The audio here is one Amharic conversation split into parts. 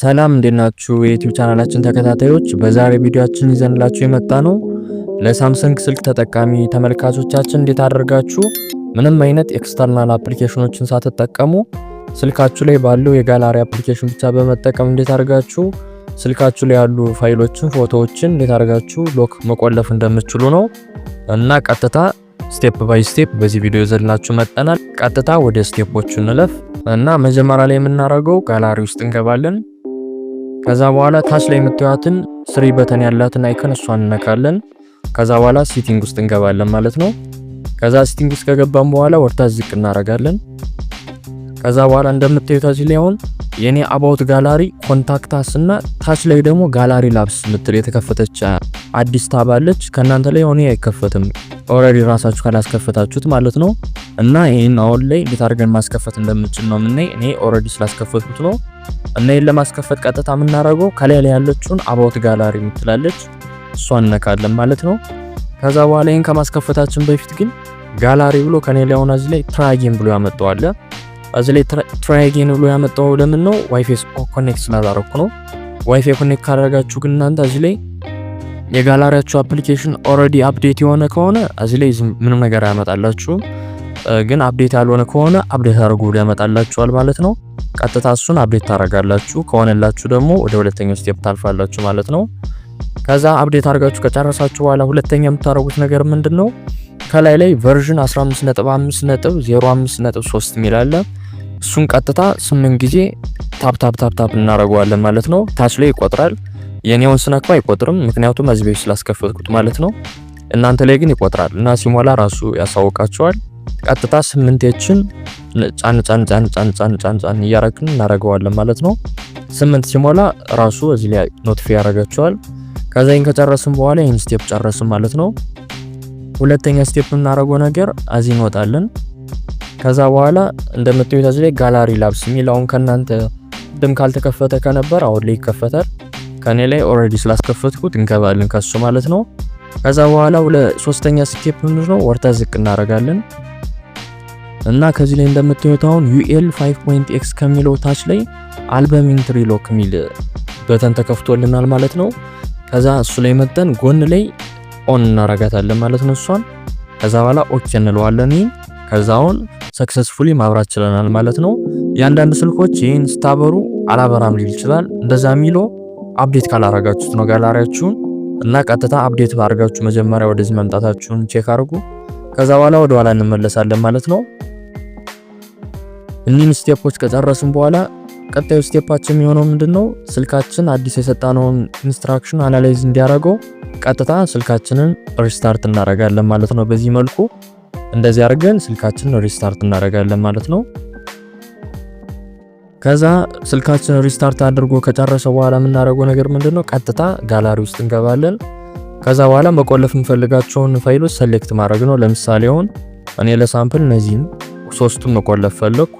ሰላም እንዴት ናችሁ? የዩቲዩብ ቻናላችን ተከታታዮች፣ በዛሬ ቪዲዮአችን ይዘንላችሁ የመጣ ነው ለሳምሰንግ ስልክ ተጠቃሚ ተመልካቾቻችን እንዴት አደርጋችሁ ምንም አይነት ኤክስተርናል አፕሊኬሽኖችን ሳትጠቀሙ ስልካችሁ ላይ ባለው የጋላሪ አፕሊኬሽን ብቻ በመጠቀም እንዴት አድርጋችሁ ስልካችሁ ላይ ያሉ ፋይሎችን፣ ፎቶዎችን እንዴት አድርጋችሁ ሎክ መቆለፍ እንደምትችሉ ነው እና ቀጥታ ስቴፕ ባይ ስቴፕ በዚህ ቪዲዮ ይዘንላችሁ መጠናል። ቀጥታ ወደ ስቴፖቹ እንለፍ እና መጀመሪያ ላይ የምናደርገው ጋላሪ ውስጥ እንገባለን። ከዛ በኋላ ታች ላይ የምታዩትን ስሪ በተን ያላትን አይከን እሷን እንነካለን። ከዛ በኋላ ሲቲንግ ውስጥ እንገባለን ማለት ነው። ከዛ ሲቲንግ ውስጥ ከገባን በኋላ ወርታች ዝቅ እናደርጋለን። ከዛ በኋላ እንደምታዩት እዚህ ላይ አሁን የኔ አባውት ጋላሪ ኮንታክት እና ታች ላይ ደግሞ ጋላሪ ላብስ ምትል የተከፈተች አዲስ ታባለች ከእናንተ ላይ ሆኔ አይከፈትም ኦልሬዲ ራሳችሁ ካላስከፈታችሁት ማለት ነው። እና ይህን አሁን ላይ እንዴት አድርገን ማስከፈት እንደምችል ነው የምናይ። እኔ ኦልሬዲ ስላስከፈትኩት ነው። እና ይህን ለማስከፈት ቀጥታ የምናደርገው ከላይ ላይ ያለችውን አባውት ጋላሪ የምትላለች እሷን እነካለን ማለት ነው። ከዛ በኋላ ይህን ከማስከፈታችን በፊት ግን ጋላሪ ብሎ ከኔ ላይ አሁን እዚህ ላይ ብሎ ያመጣዋል። እዚህ ላይ ትራይጌን ብሎ ያመጣው ለምን ነው? ዋይፋይ ኮኔክት ስላላረኩ ነው። ዋይፋይ ኮኔክት ካደረጋችሁ ግን እናንተ እዚህ ላይ የጋላሪያችሁ አፕሊኬሽን ኦልሬዲ አፕዴት የሆነ ከሆነ እዚህ ላይ ምንም ነገር አያመጣላችሁም። ግን አፕዴት ያልሆነ ከሆነ አፕዴት አድርጉ ያመጣላችኋል ማለት ነው። ቀጥታ እሱን አፕዴት ታደርጋላችሁ። ከሆነላችሁ ደግሞ ወደ ሁለተኛው ስቴፕ ታልፋላችሁ ማለት ነው። ከዛ አፕዴት አድርጋችሁ ከጨረሳችሁ በኋላ ሁለተኛ የምታደርጉት ነገር ምንድን ነው? ከላይ ላይ ቨርዥን 15.5.05.3 የሚል አለ። እሱን ቀጥታ ስምንት ጊዜ ታፕ ታፕ ታፕ ታፕ እናደርገዋለን ማለት ነው። ታች ላይ ይቆጥራል። የኔውን ስነካ አይቆጥርም፣ ምክንያቱም እዚህ ቤት ስላስከፈትኩት ማለት ነው። እናንተ ላይ ግን ይቆጥራል እና ሲሞላ ራሱ ያሳውቃቸዋል። ቀጥታ ስምንቴችን ጫን ጫን ጫን ጫን ጫን ጫን ጫን እያረግን እናረገዋለን ማለት ነው። ስምንት ሲሞላ ራሱ እዚህ ላይ ኖትፌ ያደርጋቸዋል። ከዛ ይህን ከጨረስን በኋላ ይህን ስቴፕ ጨረስን ማለት ነው። ሁለተኛ ስቴፕ የምናደርገው ነገር እዚህ እንወጣለን። ከዛ በኋላ እንደምታዩት እዚህ ላይ ጋላሪ ላብስ የሚል አሁን ከእናንተ ድም ካልተከፈተ ከነበር አሁን ላይ ይከፈታል። ከኔ ላይ ኦልሬዲ ስላስከፈትኩት እንገባለን ከሱ ማለት ነው። ከዛ በኋላ ሶስተኛ ስቴፕ ነው ወርታ ዝቅ እናደርጋለን እና ከዚህ ላይ እንደምታዩት አሁን UL 5.x ከሚለው ታች ላይ አልበሚንግ ሎክ ሚል በተን ተከፍቶልናል ማለት ነው። ከዛ እሱ ላይ መጠን ጎን ላይ ኦን እናረጋታለን ማለት ነው እሷን። ከዛ በኋላ ኦኬ እንለዋለን። ከዛ አሁን ሰክሰስፉሊ ማብራት ችለናል ማለት ነው። የአንዳንድ ስልኮች ይህን ስታበሩ አላበራም ሊል ይችላል እንደዛ ሚለው አፕዴት ካላረጋችሁት ነው ጋላሪያችሁን እና ቀጥታ አፕዴት ባርጋችሁ መጀመሪያ ወደዚህ መምጣታችሁን ቼክ አድርጉ። ከዛ በኋላ ወደ ኋላ እንመለሳለን ማለት ነው። እኒህን ስቴፖች ከጨረስን በኋላ ቀጣዩ ስቴፓችን የሚሆነው ምንድነው? ስልካችን አዲስ የሰጣነውን ኢንስትራክሽን አናላይዝ እንዲያደርገው ቀጥታ ስልካችንን ሪስታርት እናደርጋለን ማለት ነው። በዚህ መልኩ እንደዚህ አድርገን ስልካችንን ሪስታርት እናደርጋለን ማለት ነው። ከዛ ስልካችን ሪስታርት አድርጎ ከጨረሰ በኋላ የምናደርገው ነገር ምንድን ነው? ቀጥታ ጋላሪ ውስጥ እንገባለን። ከዛ በኋላ መቆለፍ የምፈልጋቸውን ፋይሎች ሰሌክት ማድረግ ነው። ለምሳሌ አሁን እኔ ለሳምፕል እነዚህን ሶስቱን መቆለፍ ፈለኩ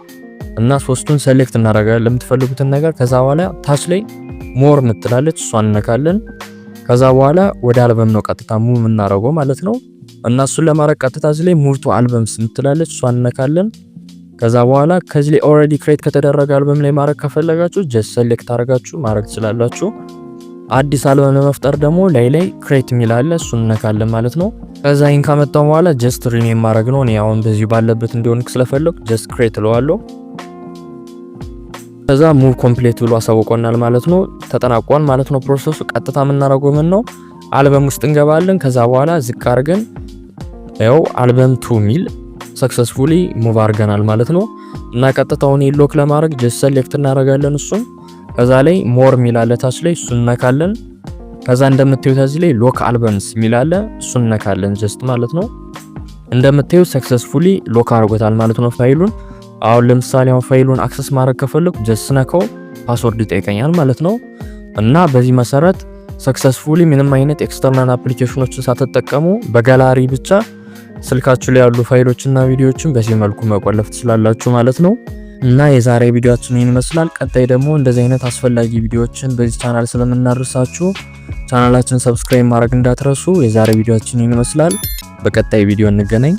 እና ሶስቱን ሰሌክት እናደርጋለን ለምትፈልጉትን ነገር። ከዛ በኋላ ታች ላይ ሞር ምትላለች እሷ እንነካለን። ከዛ በኋላ ወደ አልበም ነው ቀጥታ ሙቭ የምናደርገው ማለት ነው። እና እሱን ለማድረግ ቀጥታ እዚህ ላይ ሙቭ ቱ አልበምስ ምትላለች እሷ እንነካለን። ከዛ በኋላ ከዚህ ላይ ኦልሬዲ ክሬት ከተደረገ አልበም ላይ ማድረግ ከፈለጋችሁ ጀስት ሴሌክት አድርጋችሁ ማድረግ ትችላላችሁ። አዲስ አልበም ለመፍጠር ደግሞ ላይ ላይ ክሬት የሚል አለ፣ እሱን እነካለን ማለት ነው። ከዛ ይህን ከመጣው በኋላ ጀስት ሪኔም ማድረግ ነው። እኔ አሁን በዚሁ ባለበት እንዲሆን ስለፈለግ ጀስት ክሬት እለዋለሁ። ከዛ ሙቭ ኮምፕሌት ብሎ አሳውቆናል ማለት ነው። ተጠናቋል ማለት ነው ፕሮሰሱ። ቀጥታ የምናደርገው ምን ነው አልበም ውስጥ እንገባለን። ከዛ በኋላ ዝቅ አድርገን ያው አልበም ቱ ሚል ሰክሰስፉሊ ሙቭ አድርገናል ማለት ነው። እና ቀጥታውን ሎክ ለማድረግ ጀስት ሰሌክት እናደርጋለን እሱን ከዛ ላይ ሞር የሚላለ ታች ላይ እሱን እነካለን። ከዛ እንደምታዩት እዚህ ላይ ሎክ አልበምስ የሚላለ እሱን እነካለን ጀስት ማለት ነው። እንደምታዩት ሰክሰስፉሊ ሎክ አድርጎታል ማለት ነው ፋይሉን። አሁን ለምሳሌ አሁን ፋይሉን አክሰስ ማድረግ ከፈለኩ ጀስት ነካው ፓስወርድ ይጠይቀኛል ማለት ነው። እና በዚህ መሰረት ሰክሰስፉሊ ምንም አይነት ኤክስተርናል አፕሊኬሽኖችን ሳትጠቀሙ በጋላሪ ብቻ ስልካችሁ ላይ ያሉ ፋይሎችና ቪዲዮዎችን በዚህ መልኩ መቆለፍ ትችላላችሁ ማለት ነው። እና የዛሬ ቪዲዮአችን ይህን ይመስላል። ቀጣይ ደግሞ እንደዚህ አይነት አስፈላጊ ቪዲዮዎችን በዚህ ቻናል ስለምናደርሳችሁ ቻናላችን ሰብስክራይብ ማድረግ እንዳትረሱ። የዛሬ ቪዲዮአችን ይህን ይመስላል። በቀጣይ ቪዲዮ እንገናኝ።